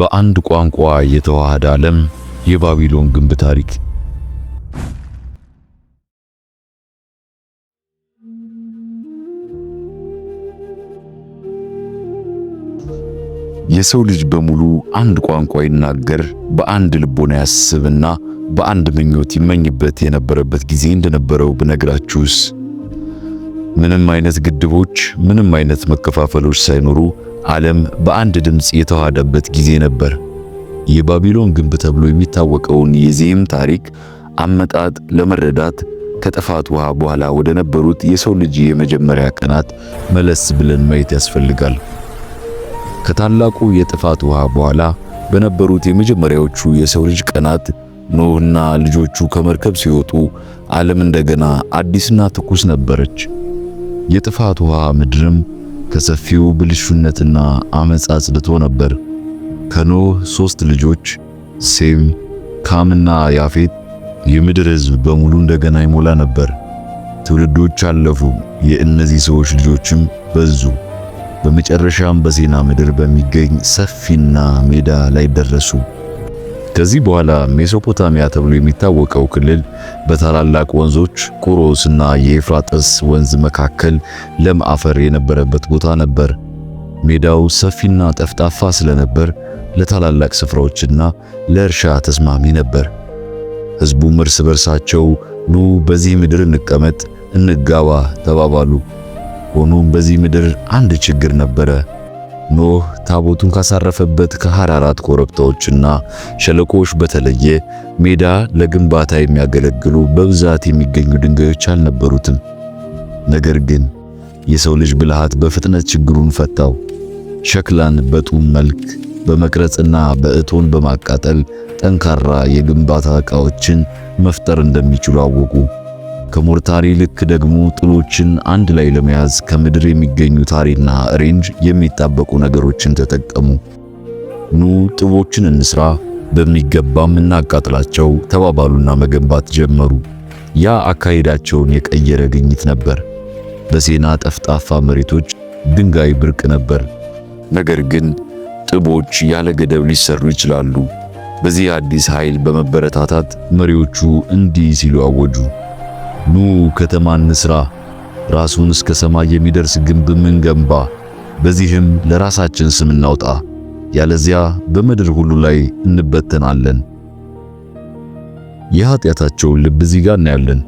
በአንድ ቋንቋ የተዋሃደ ዓለም የባቢሎን ግንብ ታሪክ። የሰው ልጅ በሙሉ አንድ ቋንቋ ይናገር፣ በአንድ ልቦና ያስብና በአንድ ምኞት ይመኝበት የነበረበት ጊዜ እንደነበረው ብነግራችሁስ? ምንም አይነት ግድቦች፣ ምንም አይነት መከፋፈሎች ሳይኖሩ ዓለም በአንድ ድምፅ የተዋሃደበት ጊዜ ነበር። የባቢሎን ግንብ ተብሎ የሚታወቀውን የዚህም ታሪክ አመጣጥ ለመረዳት ከጥፋት ውሃ በኋላ ወደ ነበሩት የሰው ልጅ የመጀመሪያ ቀናት መለስ ብለን ማየት ያስፈልጋል። ከታላቁ የጥፋት ውሃ በኋላ በነበሩት የመጀመሪያዎቹ የሰው ልጅ ቀናት ኖህና ልጆቹ ከመርከብ ሲወጡ ዓለም እንደገና አዲስና ትኩስ ነበረች። የጥፋት ውሃ ምድርም ከሰፊው ብልሹነትና አመጽ አጽድቶ ነበር። ከኖህ ሶስት ልጆች ሴም፣ ካምና ያፌት የምድር ሕዝብ በሙሉ እንደገና ይሞላ ነበር። ትውልዶች አለፉ፣ የእነዚህ ሰዎች ልጆችም በዙ። በመጨረሻም በዜና ምድር በሚገኝ ሰፊና ሜዳ ላይ ደረሱ። ከዚህ በኋላ ሜሶፖታሚያ ተብሎ የሚታወቀው ክልል በታላላቅ ወንዞች ቁሮስ እና የኤፍራጥስ ወንዝ መካከል ለም አፈር የነበረበት ቦታ ነበር። ሜዳው ሰፊና ጠፍጣፋ ስለነበር ለታላላቅ ስፍራዎችና ለእርሻ ተስማሚ ነበር። ሕዝቡም እርስ በርሳቸው ኑ በዚህ ምድር እንቀመጥ፣ እንጋባ ተባባሉ። ሆኖም በዚህ ምድር አንድ ችግር ነበረ። ኖህ ታቦቱን ካሳረፈበት ከሐራራት ኮረብታዎችና ሸለቆዎች በተለየ ሜዳ ለግንባታ የሚያገለግሉ በብዛት የሚገኙ ድንጋዮች አልነበሩትም። ነገር ግን የሰው ልጅ ብልሃት በፍጥነት ችግሩን ፈታው። ሸክላን በጡብ መልክ በመቅረጽና በእቶን በማቃጠል ጠንካራ የግንባታ ዕቃዎችን መፍጠር እንደሚችሉ አወቁ። ከሞርታሪ ልክ ደግሞ ጥሎችን አንድ ላይ ለመያዝ ከምድር የሚገኙ ታሪና ሬንጅ የሚጣበቁ ነገሮችን ተጠቀሙ። ኑ ጥቦችን እንስራ፣ በሚገባም እናቃጥላቸው ተባባሉና መገንባት ጀመሩ። ያ አካሄዳቸውን የቀየረ ግኝት ነበር። በሴና ጠፍጣፋ መሬቶች ድንጋይ ብርቅ ነበር። ነገር ግን ጥቦች ያለ ገደብ ሊሰሩ ይችላሉ። በዚህ አዲስ ኃይል በመበረታታት መሪዎቹ እንዲህ ሲሉ አወጁ። ኑ ከተማ እንስራ፣ ራሱን እስከ ሰማይ የሚደርስ ግንብ ምን ገንባ በዚህም ለራሳችን ስም እናውጣ፣ ያለዚያ በምድር ሁሉ ላይ እንበተናለን። የኃጢአታቸውን ልብ እዚህ ጋር እናያለን።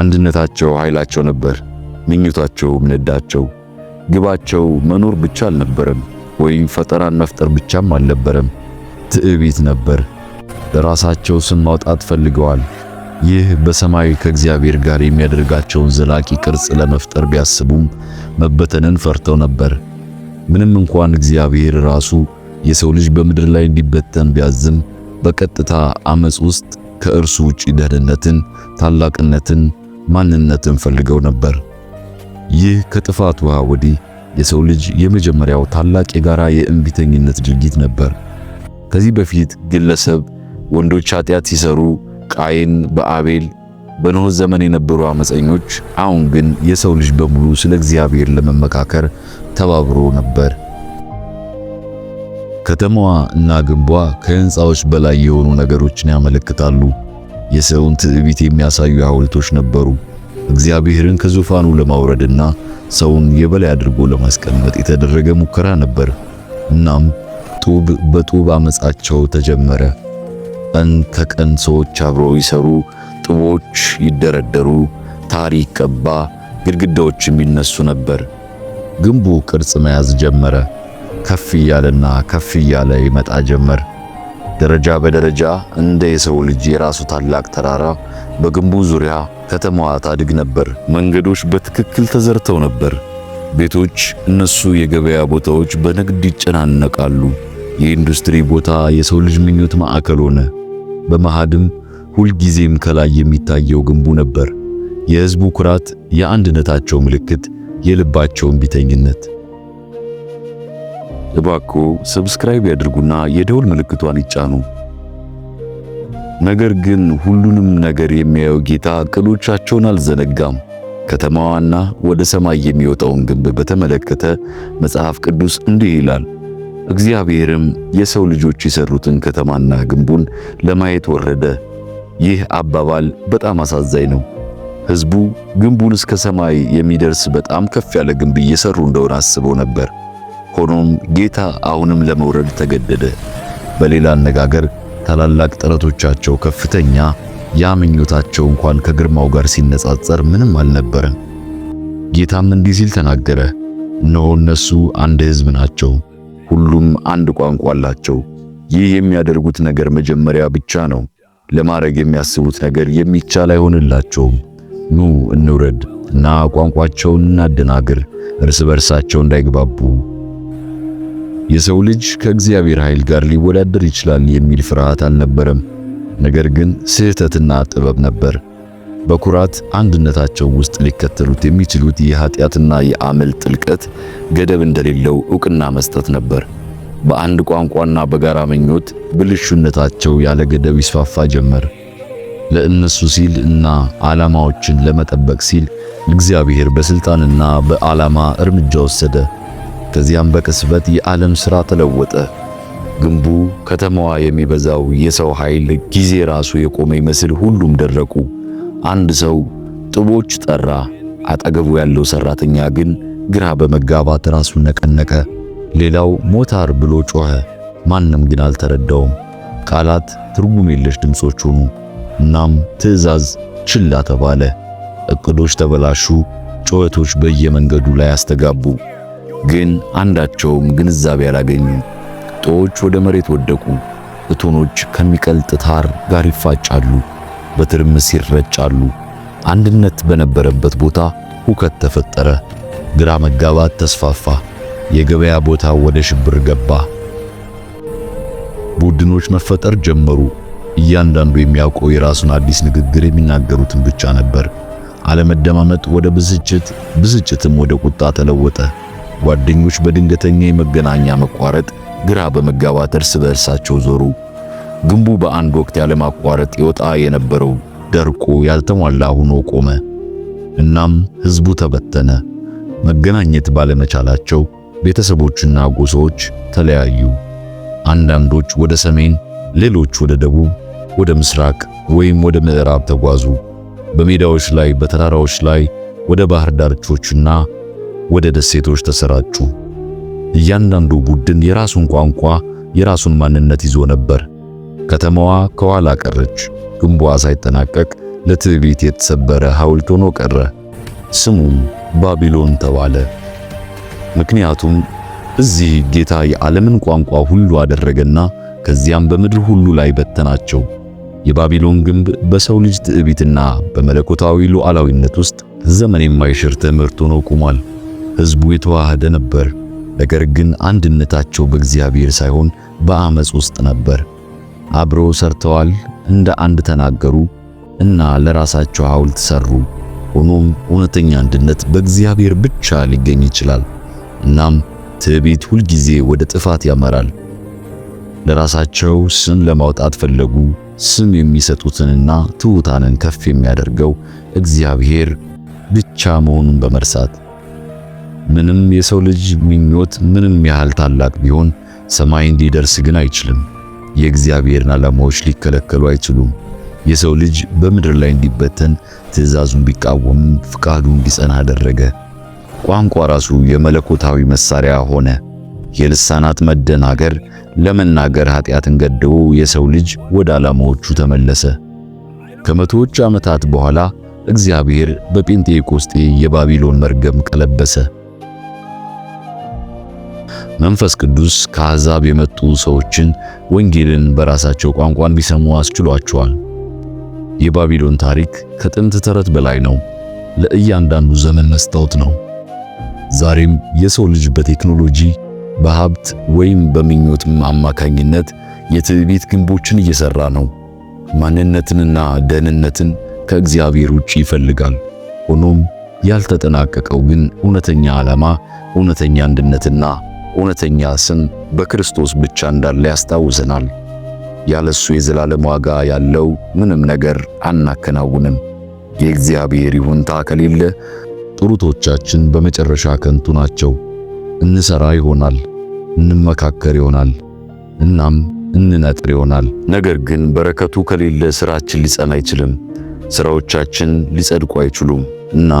አንድነታቸው ኃይላቸው ነበር። ምኞታቸው ምንዳቸው፣ ግባቸው መኖር ብቻ አልነበረም፣ ወይም ፈጠራን መፍጠር ብቻም አልነበረም። ትዕቢት ነበር። ለራሳቸው ስም ማውጣት ፈልገዋል። ይህ በሰማይ ከእግዚአብሔር ጋር የሚያደርጋቸውን ዘላቂ ቅርጽ ለመፍጠር ቢያስቡም መበተንን ፈርተው ነበር። ምንም እንኳን እግዚአብሔር ራሱ የሰው ልጅ በምድር ላይ እንዲበተን ቢያዝም በቀጥታ አመጽ ውስጥ ከእርሱ ውጪ ደህንነትን፣ ታላቅነትን፣ ማንነትን ፈልገው ነበር። ይህ ከጥፋት ውሃ ወዲህ የሰው ልጅ የመጀመሪያው ታላቅ የጋራ የእንቢተኝነት ድርጊት ነበር። ከዚህ በፊት ግለሰብ ወንዶች ኃጢአት ሲሰሩ ቃይን በአቤል በኖህ ዘመን የነበሩ አመፀኞች፣ አሁን ግን የሰው ልጅ በሙሉ ስለ እግዚአብሔር ለመመካከር ተባብሮ ነበር። ከተማዋ እና ግንቧ ከህንፃዎች በላይ የሆኑ ነገሮችን ያመለክታሉ። የሰውን ትዕቢት የሚያሳዩ ሐውልቶች ነበሩ። እግዚአብሔርን ከዙፋኑ ለማውረድና ሰውን የበላይ አድርጎ ለማስቀመጥ የተደረገ ሙከራ ነበር። እናም ጡብ በጡብ አመፃቸው ተጀመረ። ቀን ከቀን ሰዎች አብረው ይሰሩ፣ ጡቦች ይደረደሩ፣ ታሪክ ይቀባ፣ ግድግዳዎችም ይነሱ ነበር። ግንቡ ቅርጽ መያዝ ጀመረ። ከፍ እያለና ከፍ እያለ ይመጣ ጀመር። ደረጃ በደረጃ እንደ የሰው ልጅ የራሱ ታላቅ ተራራ በግንቡ ዙሪያ ከተማዋ ታድግ ነበር። መንገዶች በትክክል ተዘርተው ነበር። ቤቶች፣ እነሱ የገበያ ቦታዎች በንግድ ይጨናነቃሉ። የኢንዱስትሪ ቦታ የሰው ልጅ ምኞት ማዕከል ሆነ። በመሃድም ሁልጊዜም ከላይ የሚታየው ግንቡ ነበር። የህዝቡ ኩራት፣ የአንድነታቸው ምልክት፣ የልባቸውን ቢተኝነት። እባክዎ ሰብስክራይብ ያድርጉና የደውል ምልክቷን ይጫኑ። ነገር ግን ሁሉንም ነገር የሚያየው ጌታ ቅሎቻቸውን አልዘነጋም። ከተማዋና ወደ ሰማይ የሚወጣውን ግንብ በተመለከተ መጽሐፍ ቅዱስ እንዲህ ይላል እግዚአብሔርም የሰው ልጆች የሰሩትን ከተማና ግንቡን ለማየት ወረደ። ይህ አባባል በጣም አሳዛኝ ነው። ሕዝቡ ግንቡን እስከ ሰማይ የሚደርስ በጣም ከፍ ያለ ግንብ እየሰሩ እንደሆነ አስበው ነበር። ሆኖም ጌታ አሁንም ለመውረድ ተገደደ። በሌላ አነጋገር ታላላቅ ጥረቶቻቸው ከፍተኛ፣ ያ ምኞታቸው እንኳን ከግርማው ጋር ሲነጻጸር ምንም አልነበረም። ጌታም እንዲህ ሲል ተናገረ፣ እነሆ እነሱ አንድ ሕዝብ ናቸው ሁሉም አንድ ቋንቋ አላቸው። ይህ የሚያደርጉት ነገር መጀመሪያ ብቻ ነው። ለማድረግ የሚያስቡት ነገር የሚቻል አይሆንላቸውም። ኑ እንውረድ እና ቋንቋቸውን እናደናግር፣ እርስ በርሳቸው እንዳይግባቡ። የሰው ልጅ ከእግዚአብሔር ኃይል ጋር ሊወዳደር ይችላል የሚል ፍርሃት አልነበረም፣ ነገር ግን ስህተትና ጥበብ ነበር። በኩራት አንድነታቸው ውስጥ ሊከተሉት የሚችሉት የኃጢአትና የአመል ጥልቀት ገደብ እንደሌለው ዕውቅና መስጠት ነበር። በአንድ ቋንቋና በጋራ ምኞት ብልሹነታቸው ያለ ገደብ ይስፋፋ ጀመር። ለእነሱ ሲል እና ዓላማዎችን ለመጠበቅ ሲል እግዚአብሔር በስልጣንና በዓላማ እርምጃ ወሰደ። ከዚያም በቅስበት የዓለም ሥራ ተለወጠ። ግንቡ፣ ከተማዋ፣ የሚበዛው የሰው ኃይል፣ ጊዜ ራሱ የቆመ ይመስል ሁሉም ደረቁ። አንድ ሰው ጥቦች ጠራ። አጠገቡ ያለው ሰራተኛ ግን ግራ በመጋባት ራሱን ነቀነቀ። ሌላው ሞታር ብሎ ጮኸ። ማንም ግን አልተረዳውም። ቃላት ትርጉም የለሽ ድምጾች ሆኑ። እናም ትዕዛዝ ችላ ተባለ። እቅዶች ተበላሹ። ጩኸቶች በየመንገዱ ላይ አስተጋቡ። ግን አንዳቸውም ግንዛቤ አላገኙ። ጦዎች ወደ መሬት ወደቁ። እቶኖች ከሚቀልጥ ታር ጋር ይፋጫሉ። በትርምስ ይረጫሉ። አንድነት በነበረበት ቦታ ሁከት ተፈጠረ። ግራ መጋባት ተስፋፋ። የገበያ ቦታ ወደ ሽብር ገባ። ቡድኖች መፈጠር ጀመሩ። እያንዳንዱ የሚያውቀው የራሱን አዲስ ንግግር የሚናገሩትን ብቻ ነበር። አለመደማመጥ ወደ ብስጭት፣ ብስጭትም ወደ ቁጣ ተለወጠ። ጓደኞች በድንገተኛ የመገናኛ መቋረጥ ግራ በመጋባት እርስ በእርሳቸው ዞሩ። ግንቡ በአንድ ወቅት ያለማቋረጥ ይወጣ የነበረው ደርቆ ያልተሟላ ሆኖ ቆመ። እናም ህዝቡ ተበተነ። መገናኘት ባለመቻላቸው ቤተሰቦችና ጎሳዎች ተለያዩ። አንዳንዶች ወደ ሰሜን፣ ሌሎች ወደ ደቡብ፣ ወደ ምስራቅ ወይም ወደ ምዕራብ ተጓዙ። በሜዳዎች ላይ፣ በተራራዎች ላይ፣ ወደ ባህር ዳርቾችና ወደ ደሴቶች ተሰራጩ። እያንዳንዱ ቡድን የራሱን ቋንቋ፣ የራሱን ማንነት ይዞ ነበር። ከተማዋ ከኋላ ቀረች። ግንቧ ሳይጠናቀቅ ለትዕቢት የተሰበረ ሐውልት ሆኖ ቀረ። ስሙም ባቢሎን ተባለ። ምክንያቱም እዚህ ጌታ የዓለምን ቋንቋ ሁሉ አደረገና ከዚያም በምድር ሁሉ ላይ በተናቸው። የባቢሎን ግንብ በሰው ልጅ ትዕቢትና በመለኮታዊ ሉዓላዊነት ውስጥ ዘመን የማይሽር ትምህርት ሆኖ ቆሟል። ሕዝቡ የተዋሃደ ነበር፣ ነገር ግን አንድነታቸው በእግዚአብሔር ሳይሆን በአመጽ ውስጥ ነበር። አብረው ሰርተዋል እንደ አንድ ተናገሩ እና ለራሳቸው ሐውልት ሰሩ። ሆኖም እውነተኛ አንድነት በእግዚአብሔር ብቻ ሊገኝ ይችላል። እናም ትዕቢት ሁልጊዜ ወደ ጥፋት ያመራል። ለራሳቸው ስም ለማውጣት ፈለጉ። ስም የሚሰጡትንና ትሑታንን ከፍ የሚያደርገው እግዚአብሔር ብቻ መሆኑን በመርሳት ምንም የሰው ልጅ ምኞት ምንም ያህል ታላቅ ቢሆን ሰማይን ሊደርስ ግን አይችልም። የእግዚአብሔርን ዓላማዎች ሊከለከሉ አይችሉም። የሰው ልጅ በምድር ላይ እንዲበተን ትእዛዙን ቢቃወምም ፍቃዱ እንዲጸና አደረገ። ቋንቋ ራሱ የመለኮታዊ መሳሪያ ሆነ። የልሳናት መደናገር ለመናገር ኃጢአትን ገድቦ የሰው ልጅ ወደ ዓላማዎቹ ተመለሰ። ከመቶዎች ዓመታት በኋላ እግዚአብሔር በጴንጤቆስጤ የባቢሎን መርገም ቀለበሰ። መንፈስ ቅዱስ ከአሕዛብ የመጡ ሰዎችን ወንጌልን በራሳቸው ቋንቋ እንዲሰሙ አስችሏቸዋል። የባቢሎን ታሪክ ከጥንት ተረት በላይ ነው። ለእያንዳንዱ ዘመን መስታወት ነው። ዛሬም የሰው ልጅ በቴክኖሎጂ በሀብት ወይም በምኞት አማካኝነት የትዕቢት ግንቦችን እየሰራ ነው። ማንነትንና ደህንነትን ከእግዚአብሔር ውጭ ይፈልጋል። ሆኖም ያልተጠናቀቀው ግን እውነተኛ ዓላማ፣ እውነተኛ አንድነትና እውነተኛ ስም በክርስቶስ ብቻ እንዳለ ያስታውሰናል። ያለሱ የዘላለም ዋጋ ያለው ምንም ነገር አናከናውንም። የእግዚአብሔር ይሁንታ ከሌለ ጥሩቶቻችን በመጨረሻ ከንቱ ናቸው። እንሰራ ይሆናል፣ እንመካከር ይሆናል፣ እናም እንነጥር ይሆናል። ነገር ግን በረከቱ ከሌለ ስራችን ሊጸና አይችልም፣ ስራዎቻችን ሊጸድቁ አይችሉም እና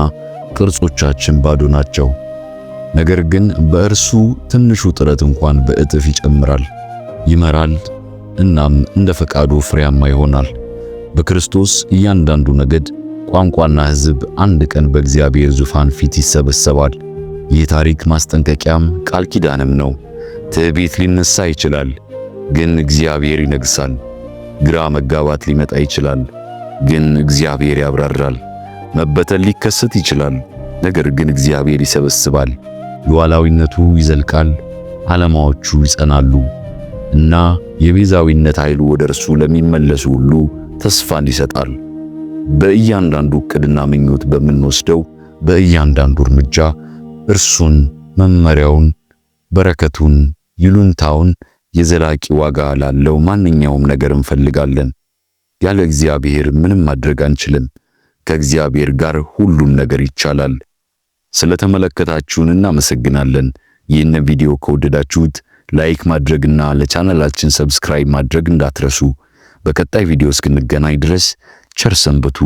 ቅርጾቻችን ባዶ ናቸው። ነገር ግን በእርሱ ትንሹ ጥረት እንኳን በእጥፍ ይጨምራል፣ ይመራል፣ እናም እንደ ፈቃዱ ፍሬያማ ይሆናል። በክርስቶስ እያንዳንዱ ነገድ፣ ቋንቋና ሕዝብ አንድ ቀን በእግዚአብሔር ዙፋን ፊት ይሰበሰባል። ይህ ታሪክ ማስጠንቀቂያም ቃል ኪዳንም ነው። ትዕቢት ሊነሳ ይችላል፣ ግን እግዚአብሔር ይነግሳል። ግራ መጋባት ሊመጣ ይችላል፣ ግን እግዚአብሔር ያብራራል። መበተን ሊከሰት ይችላል፣ ነገር ግን እግዚአብሔር ይሰበስባል። ሉዓላዊነቱ ይዘልቃል፣ ዓላማዎቹ ይጸናሉ እና የቤዛዊነት ኃይሉ ወደ እርሱ ለሚመለሱ ሁሉ ተስፋን ይሰጣል። በእያንዳንዱ ዕቅድና ምኞት በምንወስደው በእያንዳንዱ እርምጃ እርሱን፣ መመሪያውን፣ በረከቱን፣ ይሉንታውን የዘላቂ ዋጋ ላለው ማንኛውም ነገር እንፈልጋለን። ያለ እግዚአብሔር ምንም ማድረግ አንችልም። ከእግዚአብሔር ጋር ሁሉን ነገር ይቻላል። ስለተመለከታችሁን እናመሰግናለን። ይህን ቪዲዮ ከወደዳችሁት ላይክ ማድረግና ለቻናላችን ሰብስክራይብ ማድረግ እንዳትረሱ። በቀጣይ ቪዲዮ እስክንገናኝ ድረስ ቸር ሰንብቱ።